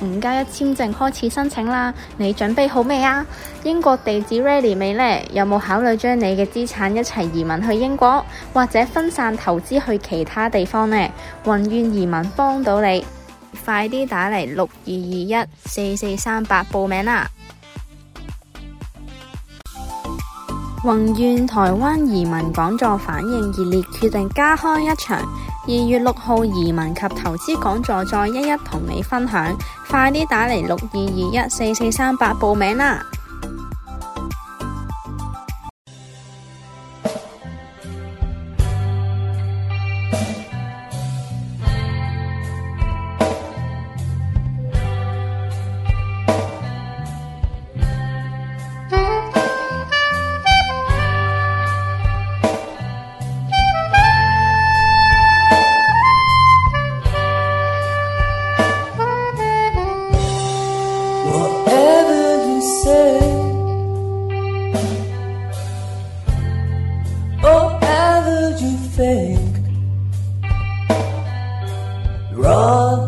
五加一簽證開始申請啦，你準備好未啊？英國地址 ready 未呢？有冇考慮將你嘅資產一齊移民去英國，或者分散投資去其他地方呢？宏願移民幫到你，快啲打嚟六二二一四四三八報名啦！宏願台灣移民講座反應熱烈，決定加開一場。二月六號移民及投資講座再一一同你分享，快啲打嚟，六二二一四四三八報名啦！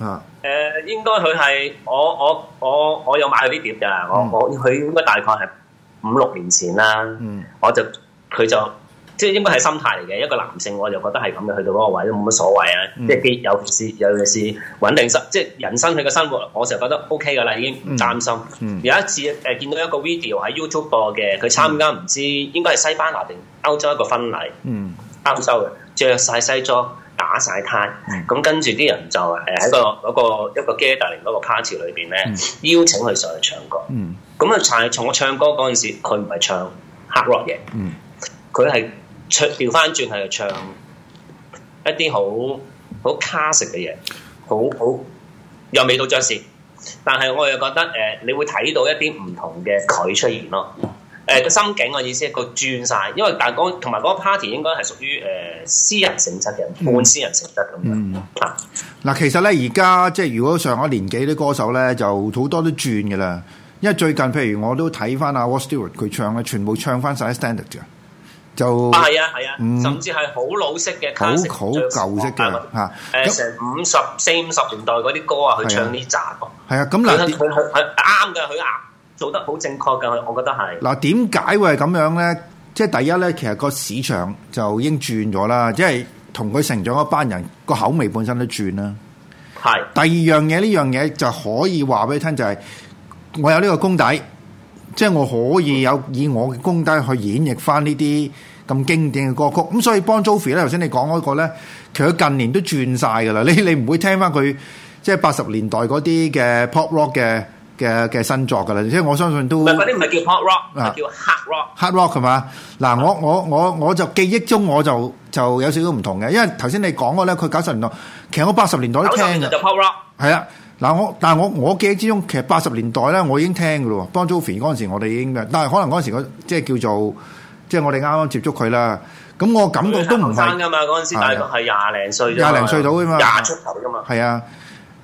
啊！誒，uh, 應該佢係我我我我有買佢啲碟㗎。嗯、我我佢應該大概係五六年前啦。嗯、我就佢就即係應該係心態嚟嘅。一個男性我就覺得係咁嘅，去到嗰個位都冇乜所謂啊。即係有時尤其是穩定性，即係人生佢嘅生活，我就覺得 OK 㗎啦，已經唔擔心。嗯嗯、有一次誒、呃、見到一個 video 喺 YouTube 播嘅，佢參加唔、嗯、知應該係西班牙定歐洲一個婚禮，嗯、歐洲嘅着晒西裝。打晒呔，咁跟住啲人就係喺，那個嗰、那個一個結他連嗰個 party 裏邊咧，邀請佢上去唱歌。咁啊、嗯，從，我唱歌嗰陣時，佢唔係唱 hard rock 嘅，佢係唱調翻轉係唱一啲好好 class 嘅嘢，好好又未到爵士，但係我又覺得誒，呃，你會睇到一啲唔同嘅佢出現咯。誒個心境嘅意思，個轉晒，因為但係同埋嗰個 party 應該係屬於誒私人性質嘅，半私人性質咁樣嗱，其實咧而家即係如果上咗年紀啲歌手咧，就好多都轉嘅啦。因為最近譬如我都睇翻阿 Rod Stewart 佢唱嘅全部唱翻晒 standard，就係啊係啊，甚至係好老式嘅，好好舊式嘅嚇。誒成五十四五十年代嗰啲歌啊，去唱呢紮歌，係啊咁嗱啲，佢佢啱嘅佢啱。做得好正確㗎，我覺得係。嗱，點解會係咁樣咧？即係第一咧，其實個市場就已經轉咗啦，即係同佢成長嗰班人個口味本身都轉啦。係。是 第二樣嘢，呢樣嘢就可以話俾你聽、就係，就係我有呢個功底，即係我可以有以我嘅功底去演繹翻呢啲咁經典嘅歌曲。咁、嗯、所以 Bon Jovi 咧，頭先你講嗰個呢，其實佢近年都轉晒噶啦。你你唔會聽翻佢即係八十年代嗰啲嘅 pop rock 嘅。嘅嘅新作噶啦，即係我相信都唔係嗰啲，唔係叫 pop rock，係、啊、叫 hard rock, rock。hard rock 係嘛？嗱，我我我我就記憶中我就就有少少唔同嘅，因為頭先你講過咧，佢九十年代，其實我八十年代都聽嘅。就 pop rock。係啊，嗱我，但係我我記憶之中，其實八十年代咧，我已經聽嘅咯。Bon Jovi 嗰陣時，我哋已經，但係可能嗰陣時嗰即係叫做，即係我哋啱啱接觸佢啦。咁我感覺都唔係㗎嘛。嗰陣時大概係廿零歲，廿零、啊、歲到啊嘛，廿出頭㗎嘛。係啊。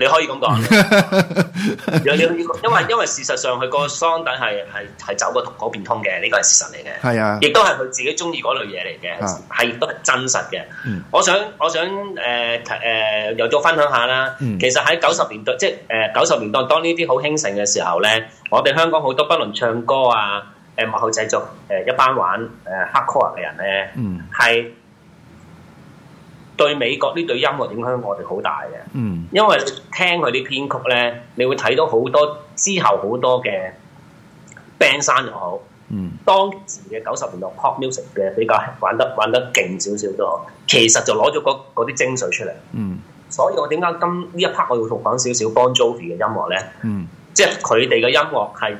你可以咁講， 因為因為事實上佢個嗓底係係係走過嗰邊通嘅，呢個係事實嚟嘅。係是啊，亦都係佢自己鍾意嗰類嘢嚟嘅，係亦都係真實嘅、嗯。我想我想誒誒又再分享下啦。其實喺九十年代，嗯、即係誒九十年代，當呢啲好興盛嘅時候咧，我哋香港好多不論唱歌啊、誒、啊、幕後製作、誒一班玩誒黑 core 嘅人咧，係。嗯嗯。對美國呢對音樂影響我哋好大嘅，嗯，因為聽佢啲編曲咧，你會睇到好多之後好多嘅 band 山又好，嗯，當時嘅九十年代 pop music 嘅比較玩得玩得勁少少都好，其實就攞咗嗰啲精髓出嚟，嗯，所以我點解今呢一 part 我要同講少少 Bon Jovi 嘅音樂咧，嗯，即係佢哋嘅音樂係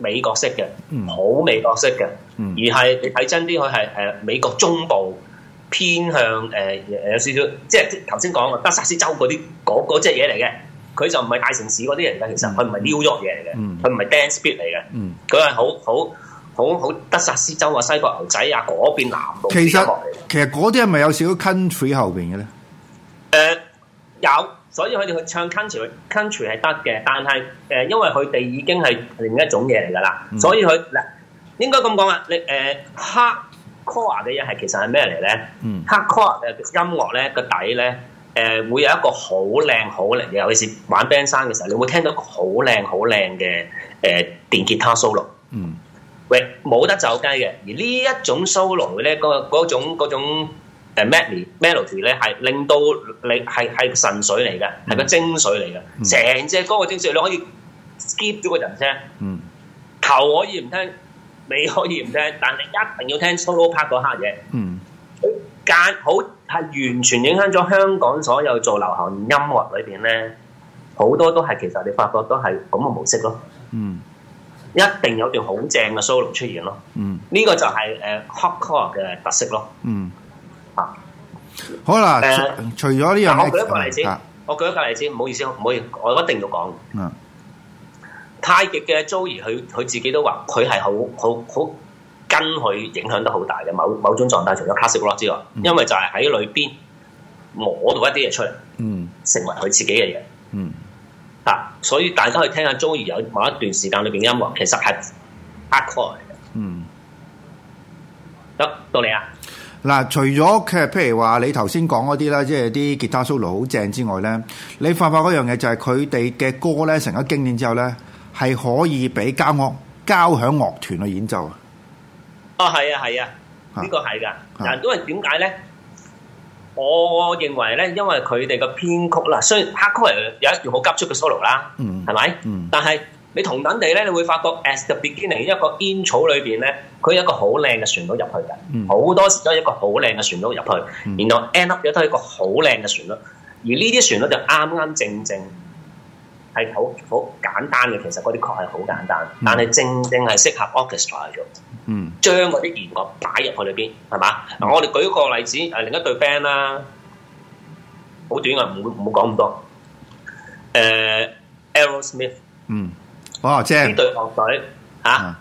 美國式嘅，嗯，好美國式嘅，嗯，而係你睇真啲佢係誒美國中部。偏向誒、呃、有少少，即係頭先講嘅德薩斯州嗰啲嗰嗰隻嘢嚟嘅。佢就唔係大城市嗰啲人嘅，其實佢唔係 New York 嘢嚟嘅，佢唔係 dance beat 嚟嘅。佢係好好好好德薩斯州啊，西國牛仔啊，嗰邊南部。其實其實嗰啲係咪有少少 country 後邊嘅咧？誒、呃、有，所以佢哋去唱 country country 係得嘅，但係誒、呃、因為佢哋已經係另一種嘢嚟噶啦，所以佢嗱應該咁講啊，你誒黑。呃 Core 嘅嘢係其實係咩嚟咧？嗯，黑 Core 嘅音樂咧，個底咧，誒、呃、會有一個好靚好靚嘅，尤其是玩 band 山嘅時候，你會聽到好靚好靚嘅誒電吉他 solo。嗯，喂，冇得走雞嘅。而呢一種 solo 咧，嗰嗰種嗰 melody，melody 咧，係令到你係係神髓嚟嘅，係、嗯、個精髓嚟嘅。成隻、嗯、歌嘅精髓，你可以 skip 咗個人聲。嗯，頭可以唔聽。你可以唔聽，但你一定要聽 solo part 嗰刻嘢。嗯，佢間好係完全影響咗香港所有做流行音樂裏邊咧，好多都係其實你發覺都係咁嘅模式咯。嗯，一定有段好正嘅 solo 出現咯。嗯，呢個就係誒 hot core 嘅特色咯。嗯，嚇，好啦。誒，除咗呢樣，我舉一個例子。我舉一個例子，唔好意思，唔好意思，我一定要講。嗯。太極嘅 Joey 佢佢自己都話佢係好好好跟佢影響得好大嘅某某種狀態，除咗 classic rock 之外，嗯、因為就係喺裏邊摸到一啲嘢出嚟，嗯，成為佢自己嘅嘢，嗯，啊，所以大家可以聽下 Joey 有某一段時間裏邊音樂，其實係 a c o r 嗯，得到你啊，嗱，除咗佢譬如話你頭先講嗰啲啦，即係啲吉他 solo 好正之外咧，你發發嗰樣嘢就係佢哋嘅歌咧，成咗經典之後咧。係可以俾交樂、交響樂團去演奏啊！啊，係啊，係啊，呢個係噶。但係因為點解咧？我認為咧，因為佢哋嘅編曲啦，雖然黑曲有有一段好急促嘅 solo 啦，嗯，係咪？嗯，但係你同等地咧，你會發覺 As the beginning，一個 intro 裏邊咧，佢有一個好靚嘅旋律入去嘅，嗯，好多時都係一個好靚嘅旋律入去，嗯、然後 end up 亦都係一個好靚嘅旋律，而呢啲旋律就啱啱正正，正。係好好簡單嘅，其實嗰啲曲係好簡單，但係正正係適合 orchestra 做。嗯，將嗰啲弦樂擺入去裏邊，係嘛？嗱，我哋舉個例子，誒另一隊 band 啦，好短啊，唔唔好講咁多。誒，Aerosmith，嗯，哇，正！呢隊樂隊嚇，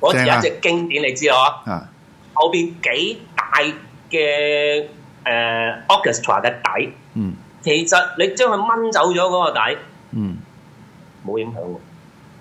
嗰隻係一隻經典，你知哦。啊，後邊幾大嘅誒 orchestra 嘅底，嗯，其實你將佢掹走咗嗰個底。冇影響，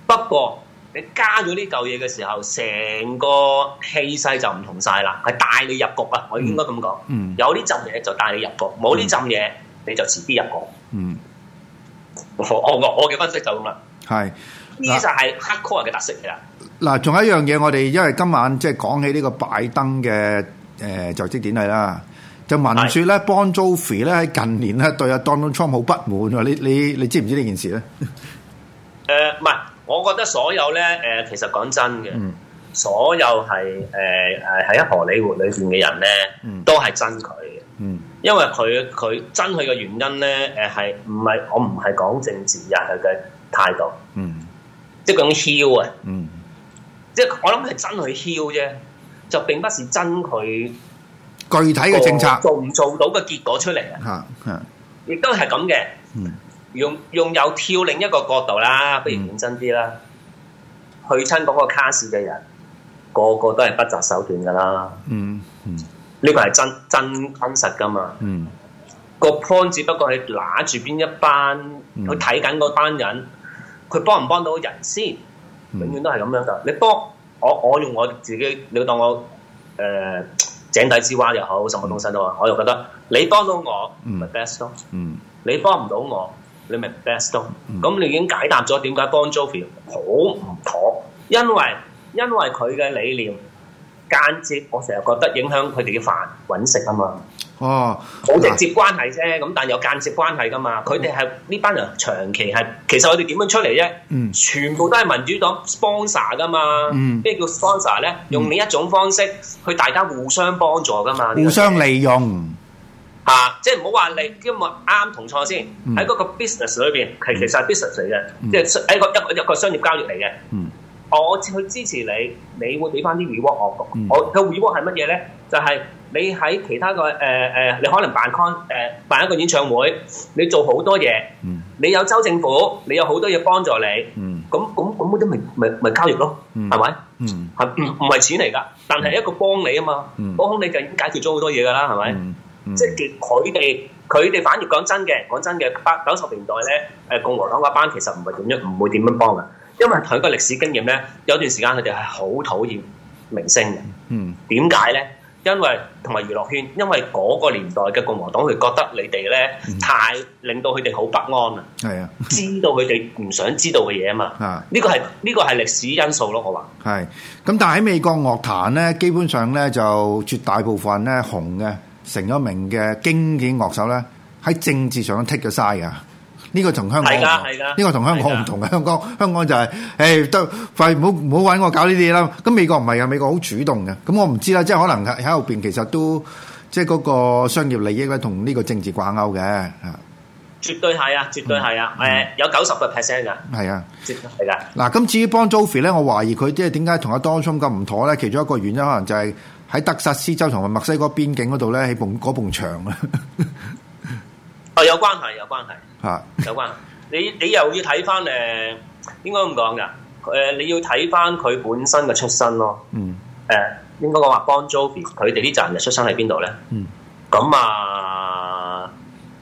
不過你加咗呢嚿嘢嘅時候，成個氣勢就唔同晒啦，係帶你入局啊！我應該咁講，嗯，有呢浸嘢就帶你入局，冇呢浸嘢你就遲啲入局，嗯。 我我我嘅分析就咁啦，係呢就係 Hardcore 嘅特色嚟啦。嗱，仲有一樣嘢，我哋因為今晚即係講起呢個拜登嘅誒就職典禮啦，就聞說咧，Bon Jovi 咧喺近年咧對阿 Donald Trump 好不滿，你你你，你知唔知呢件事咧？ 誒，唔係，我覺得所有咧，誒，其實講真嘅，所有係誒誒喺一荷里活裏邊嘅人咧，都係憎佢嘅，因為佢佢憎佢嘅原因咧，誒，係唔係我唔係講政治入佢嘅態度，即係咁囂啊，即係我諗係憎佢囂啫，就並不是憎佢具體嘅政策做唔做到嘅結果出嚟啊，吓吓，亦都係咁嘅，嗯。用用又跳另一個角度啦，不如認真啲啦。嗯、去親嗰個卡士嘅人，個個都係不擇手段㗎啦。嗯嗯，呢個係真真真實㗎嘛。嗯，個，嗯個 point 只不過係揦住邊一班，嗯、去睇緊嗰班人，佢幫唔幫到人先，永遠都係咁樣㗎。嗯、你幫我，我，我用我自己，你當我誒、呃、井底之蛙又好，什麼東西都，我就覺得你幫到我係 best 咯。嗯，你幫唔到我。你咪 best 咯。咁你、嗯嗯、已經解答咗點解 Bon Jovi 好唔妥、嗯因，因為因為佢嘅理念間接我成日覺得影響佢哋嘅飯揾食啊嘛。哦，冇直接關係啫，咁但有間接關係噶嘛。佢哋係呢班人長期係，其實佢哋點樣出嚟啫？嗯，全部都係民主黨 sponsor 噶嘛。嗯，咩叫 sponsor 咧？嗯、用呢一種方式去大家互相幫助噶嘛。互相利用。啊！即係唔好話你因為啱同錯先。喺嗰個 business 裏邊，其其實係 business 嚟嘅，即係喺個一一個商業交易嚟嘅。我去支持你，你會俾翻啲 reward 我。我個 reward 係乜嘢咧？就係你喺其他個誒誒，你可能辦 con，誒辦一個演唱會，你做好多嘢。你有州政府，你有好多嘢幫助你。咁咁咁，都咪咪咪交易咯，係咪？係唔唔係錢嚟噶？但係一個幫你啊嘛，幫你就解決咗好多嘢噶啦，係咪？即係佢哋，佢哋反而講真嘅，講真嘅八九十年代咧，誒共和黨嗰班其實唔係點樣，唔會點樣幫嘅，因為佢個歷史經驗咧，有段時間佢哋係好討厭明星嘅。嗯，點解咧？因為同埋娛樂圈，因為嗰個年代嘅共和黨，佢覺得你哋咧太令到佢哋好不安啦。係是啊，知道佢哋唔想知道嘅嘢啊嘛。啊， 呢個係呢個係歷史因素咯，我話係。咁但係喺美國樂壇咧，基本上咧就絕大部分咧紅嘅。成咗名嘅經典樂手咧，喺政治上都 take 咗 side 嘅。呢個同香港唔同，呢的個同香港唔同嘅。香港香港就係誒都快唔好唔好揾我搞呢啲嘢啦。咁美國唔係啊，美國好主動嘅。咁我唔知啦，即係可能喺後邊其實都即係嗰個商業利益咧同呢個政治掛鈎嘅。絕對係啊，絕對係啊。誒、嗯嗯嗯、有九十個 percent 㗎。係啊，絕對係㗎的。嗱咁、嗯、至於 Bon Jovi 咧，我懷疑佢即係點解同阿 Donald 咁唔妥咧？其中一個原因、就是個原因就是、可能就係、是。喺德薩斯州同埋墨西哥邊境嗰度咧，喺埲嗰埲牆啊！ 啊，有關係，有關係，嚇， 有關你你又要睇翻誒？應該咁講噶，誒、呃，你要睇翻佢本身嘅出身咯。嗯。誒、呃，應該講話，Bon Jovi 佢哋呢啲人嘅出身喺邊度咧？嗯。咁啊，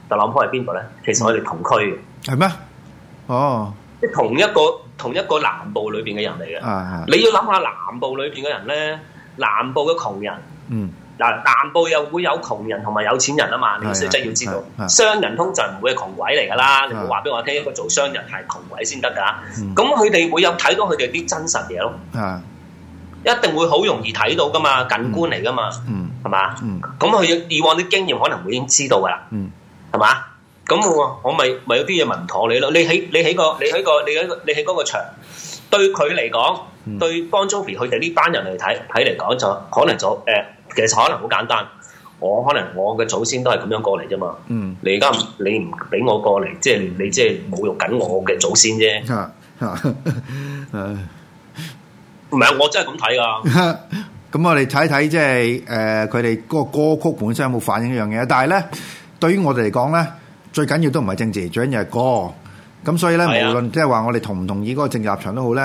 特朗普係邊度咧？其實我哋同區嘅。係咩？哦，即係同一個同一個南部裏邊嘅人嚟嘅、啊。啊啊！你要諗下南部裏邊嘅人咧。南部嘅窮人，嗱南部又會有窮人同埋有錢人啊嘛，你稅質要知道，商人通常唔會係窮鬼嚟噶啦，你唔好話俾我聽一個做商人係窮鬼先得㗎，咁佢哋會有睇到佢哋啲真實嘢咯，一定會好容易睇到噶嘛，近觀嚟噶嘛，係嘛？咁佢以往啲經驗可能會已經知道㗎啦，係嘛？咁我咪咪有啲嘢問妥你咯，你喺你喺個你喺個你喺個你喺嗰個場。對佢嚟講，對 Bon Jovi 佢哋呢班人嚟睇睇嚟講，就可能就誒，其實可能好簡單。我可能我嘅祖先都係咁樣過嚟啫嘛。嗯，你而家你唔俾我過嚟，即係你即係侮辱緊我嘅祖先啫。吓吓，唔係啊，我真係咁睇噶。咁我哋睇一睇，即係誒，佢哋嗰個歌曲本身有冇反映一樣嘢？但係咧，對於我哋嚟講咧，最緊要都唔係政治，最緊要係歌。咁所以咧，無論即係話我哋同唔同意嗰個政治立場都好咧，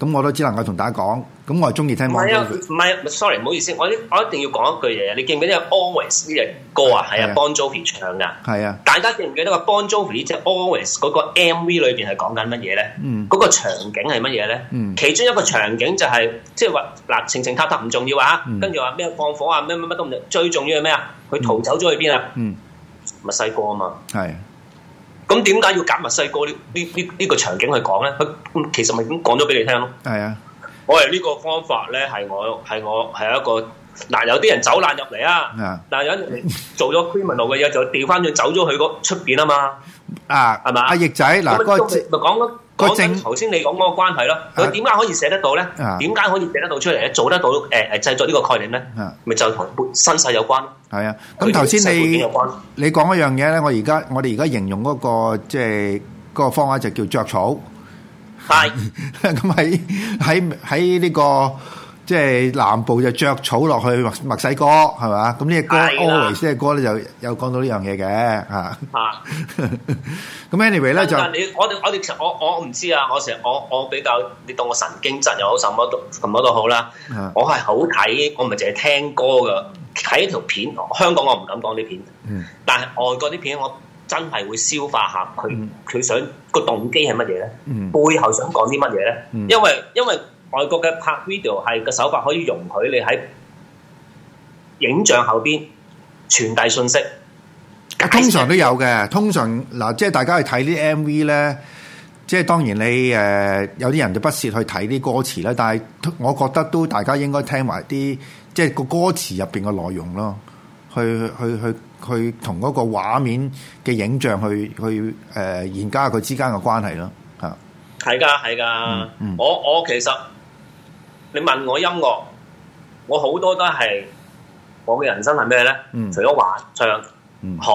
咁我都只能夠同大家講。咁我係中意聽。唔係啊，唔係，sorry，唔好意思，我我一定要講一句嘢。你記唔記得呢 Always 呢隻歌啊？係啊，Bon Jovi 唱噶。係啊，大家記唔記得個 Bon Jovi 即係 Always 嗰個 MV 裏邊係講緊乜嘢咧？嗯，嗰個場景係乜嘢咧？嗯，其中一個場景就係即係話嗱，情情塔塔唔重要啊。跟住話咩放火啊，咩咩乜都唔理。最重要係咩啊？佢逃走咗去邊啊？嗯，墨西哥啊嘛。係。咁點解要揀墨西哥呢？呢呢呢個場景去講咧？佢其實咪已經講咗俾你聽咯。係是啊，我哋呢個方法咧，係我係我係一個嗱，有啲人走爛入嚟啊，嗱，有做咗 criminal 嘅嘢就掉翻轉走咗去個出邊啊嘛，啊係嘛？阿翼仔嗱，嗰個講講緊頭先你講嗰個關係咯，佢點解可以寫得到咧？點解、啊、可以寫得到出嚟咧？做得到誒誒、呃、製作呢個概念咧？咪、啊、就同身世有關。係啊，咁頭先你有關有關你講一樣嘢咧，我而家我哋而家形容嗰、那個即係嗰個方法就叫著草。係咁喺喺喺呢個。即係南部就着草落去墨西哥係嘛？咁呢個歌的 Always 呢個歌咧就有講到呢樣嘢嘅嚇。咁 anyway 咧就你我哋我哋其實我我唔知啊！我成日我我，我比較你當我神經質又好什麼都什麼都好啦的。我係好睇，我唔係淨係聽歌噶，睇條片。香港我唔敢講啲片，嗯、但係外國啲片我真係會消化下佢佢、嗯、想個動機係乜嘢咧？背後想講啲乜嘢咧？因為因為。外國嘅拍 video 係個手法可以容許你喺影像後邊傳遞信息，啊，通常都有嘅。通常嗱、呃，即係大家去睇啲 MV 咧，即係當然你誒、呃、有啲人就不屑去睇啲歌詞啦，但係我覺得都大家應該聽埋啲即係個歌詞入邊嘅內容咯，去去去去同嗰個畫面嘅影像去去誒研究佢之間嘅關係咯。嚇，係㗎，係㗎。嗯嗯、我我其實。你問我音樂，我好多都係我嘅人生係咩咧？嗯、除咗玩、唱、嗯、學，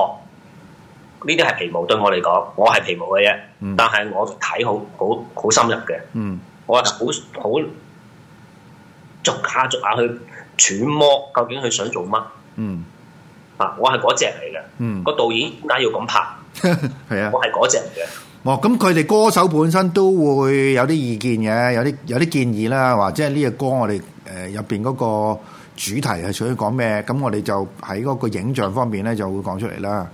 呢啲係皮毛對我嚟講，我係皮毛嘅啫。嗯、但係我睇好好好深入嘅，嗯、我係好好逐下逐下去揣摩，究竟佢想做乜？嗯、啊，我係嗰隻嚟嘅。嗯、個導演點解要咁拍？係啊，我係嗰隻嚟嘅。哦，咁佢哋歌手本身都會有啲意見嘅，有啲有啲建議啦，或者係呢個歌我哋誒入邊嗰個主題係屬於講咩？咁我哋就喺嗰個影像方面咧就會講出嚟啦。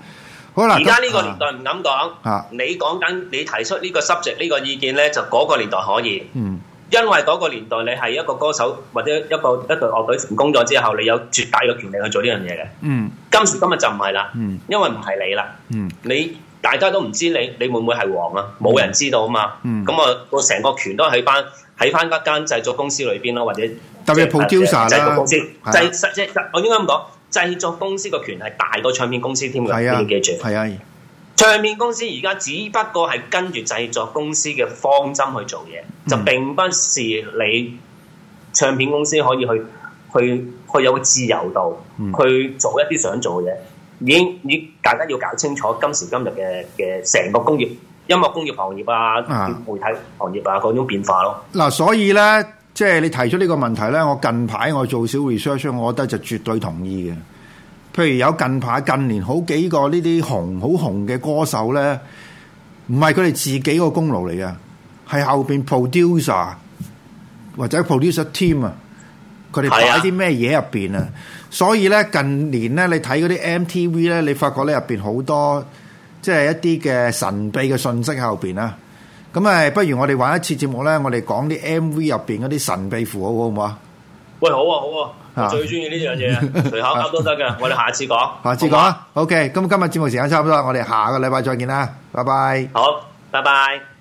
好啦，而家呢個年代唔敢講嚇，你講緊你提出呢個 subject 呢個意見咧，就嗰個年代可以。嗯，因為嗰個年代你係一個歌手或者一個一個樂隊成功咗之後，你有絕大嘅權利去做呢樣嘢嘅。嗯，今時今日就唔係啦。嗯，因為唔係你啦。嗯，你。大家都唔知你你會唔會係黃啊？冇人知道啊嘛。咁啊、嗯，個成、嗯、個權都喺翻喺翻一間製作公司裏邊咯，或者特別 producer 啦。製作公司，公司，製實我應該咁講，啊啊、製作公司個權係大過唱片公司添㗎。係啊，記住。係啊，唱片公司而家只不過係跟住製作公司嘅方針去做嘢，嗯、就並不是你唱片公司可以去去去，去，去有個自由度，去做一啲想做嘅嘢。已，你大家要搞清楚今時今日嘅嘅成個工業、音樂工業行業啊、媒體行業啊各種變化咯。嗱、啊啊，所以咧，即係你提出呢個問題咧，我近排我做少 research，我覺得就絕對同意嘅。譬如有近排近年好幾個呢啲紅好紅嘅歌手咧，唔係佢哋自己個功勞嚟嘅，係後邊 producer 或者 producer team 啊。佢哋擺啲咩嘢入邊啊？所以咧，近年咧，你睇嗰啲 MTV 咧，你發覺咧，入邊好多即係一啲嘅神秘嘅信息喺後邊啊。咁誒，不如我哋玩一次節目咧，我哋講啲 MV 入邊嗰啲神秘符號好唔好啊？喂，好啊，好啊，最中意呢樣嘢，隨口講都得㗎。我哋下一次講，下一次講。OK，咁今日節目時間差唔多喇，我哋下個禮拜再見啦，拜拜。好，拜拜。